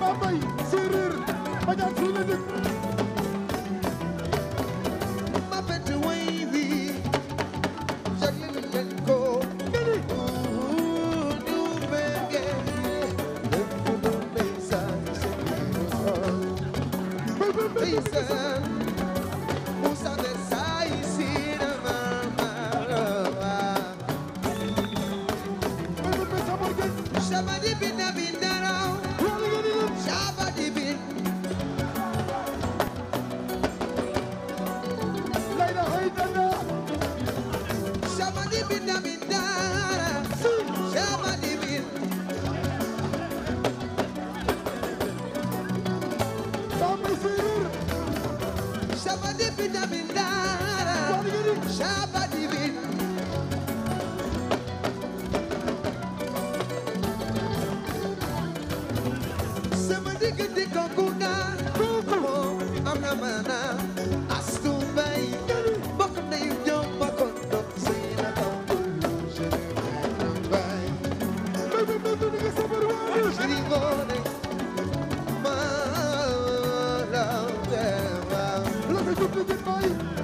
Bambey séeréer bajaan fii la dëkk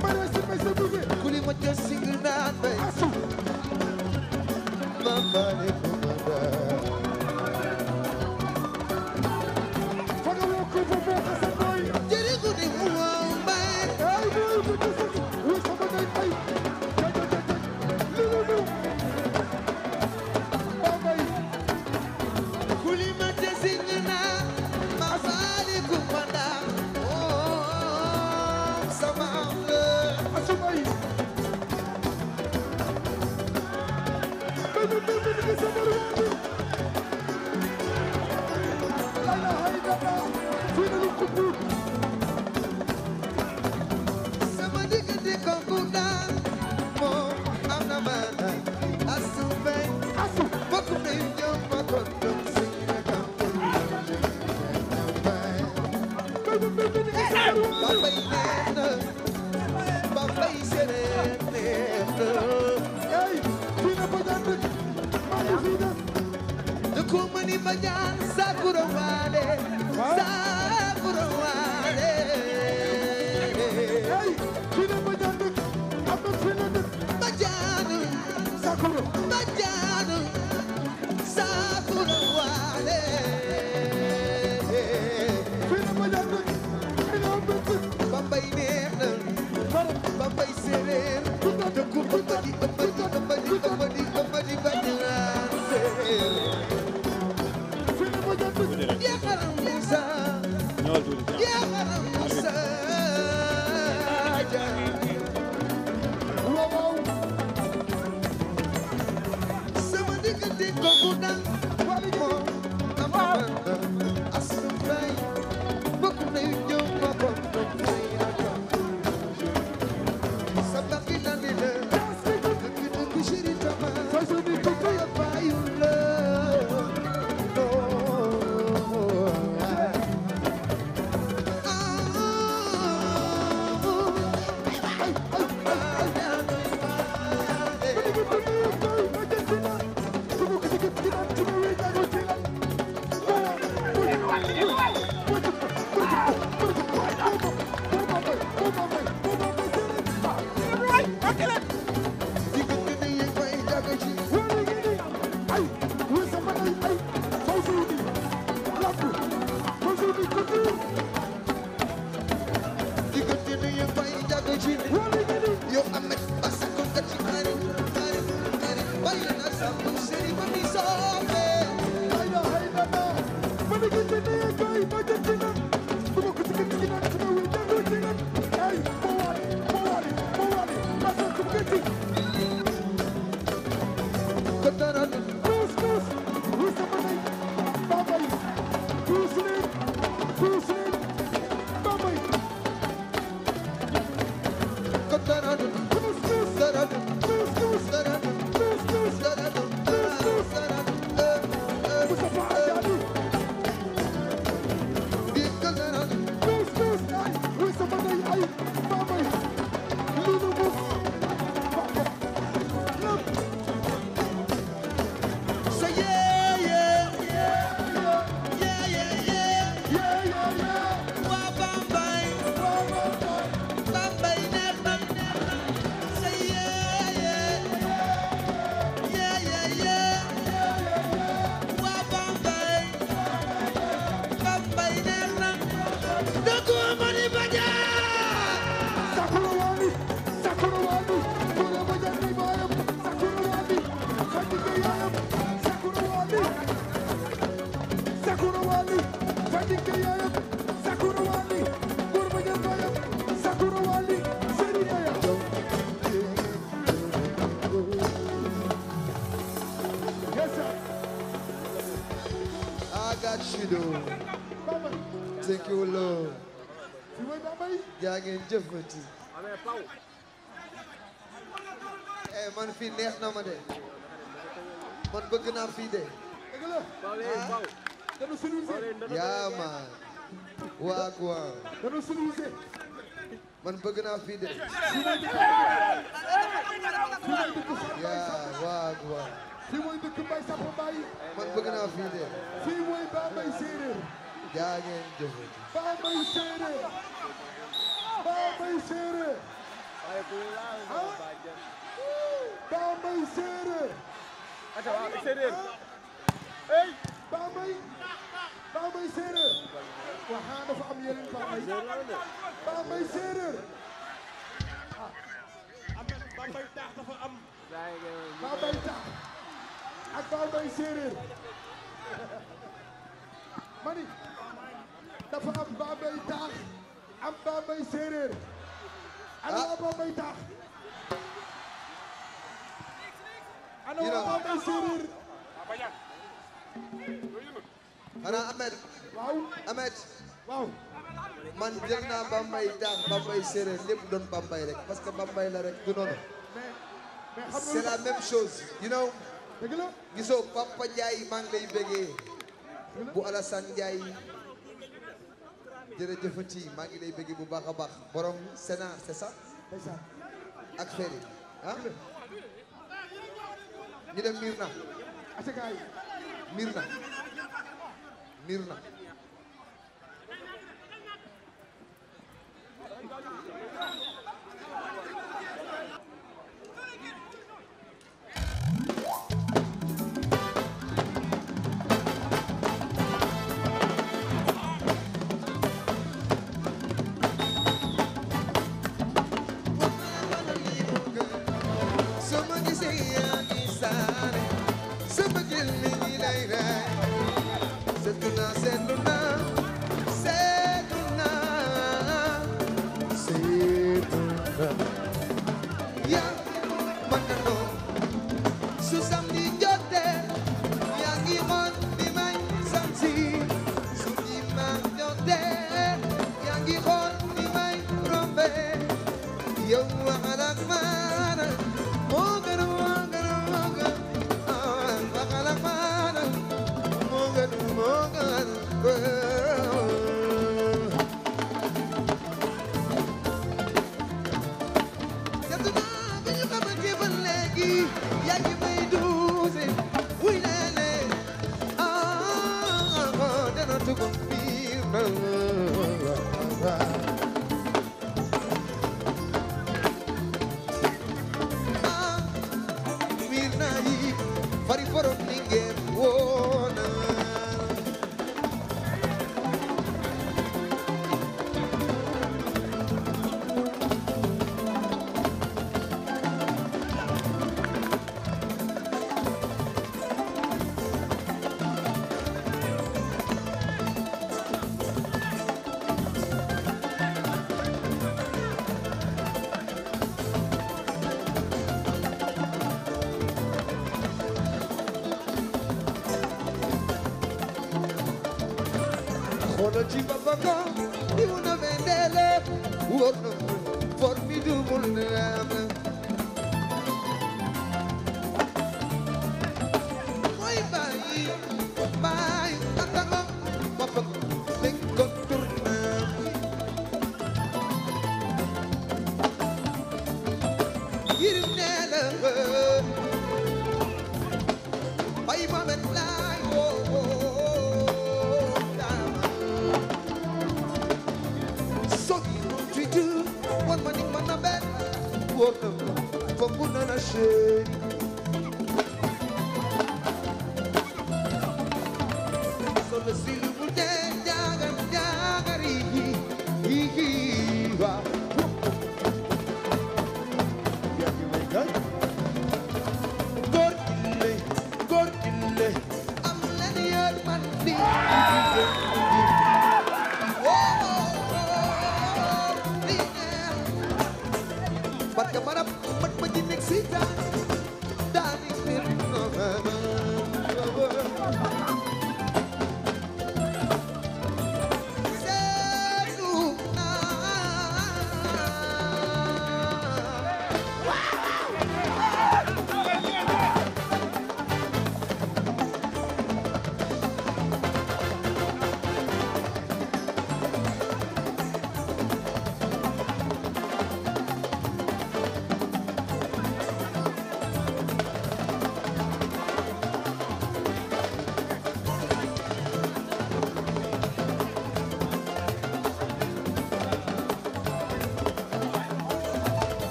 Para waaw kumani bajan sakura wale sakura wale hey kina bajan de amma sina de bajan sakura bajan sakura wale kina bajan de kina bajan bambay neena bambay sereer kuta de kuta di bambay bambay bambay bambay Thank you, Lord. yaa ngeen jëfati. eh man fii neex na ma man bëgg naa fii de. Ah. yaa ma. waa quoi. dañoo suluuse. man bëgg naa fii de. yaa waa quoi. fii mooy dëkk Mbaye Sapa jëf. Ba Mbaye séeréer. Ba Mbaye séeréer. Ba Mbaye séeréer. Ba Mbaye. Balla Mbaye séeréer waxa dafa am yeneen Balla Mbaye Balla Mbaye séeréer Balla Mbaye am Balla Mbaye taax ak Balla Mbaye séeréer am Balla Mbaye taax am Balla Mbaye séeréer ana waa Balla Mbaye taax ana waa Balla Mbaye xanaa Ahmed. waaw Ahmed. man jël naa Bambay daax Bambay séeréer lépp doon Bambay rek parce que Bambay la rek du noonu. c'est la même chose. you know. dëgg la gisoo Papa Ndiaye maa ngi lay bégee. bu Alassane Ndiaye. jërëjëfati maa ngi lay bëgg bu baax a baax borom c'est ça. ak Ferry ah. ñu dem Mirna. Mirna. niir na Sama gisee yaa ngi saare sama jël mi lay lay lo ci babaka di una vendele uono formidumul ne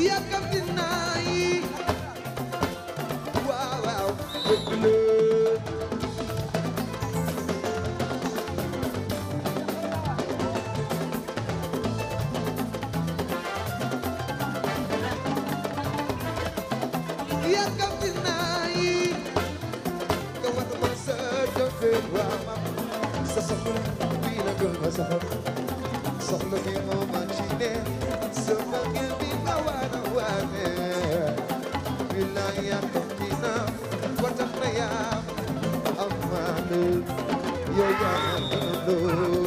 Dia do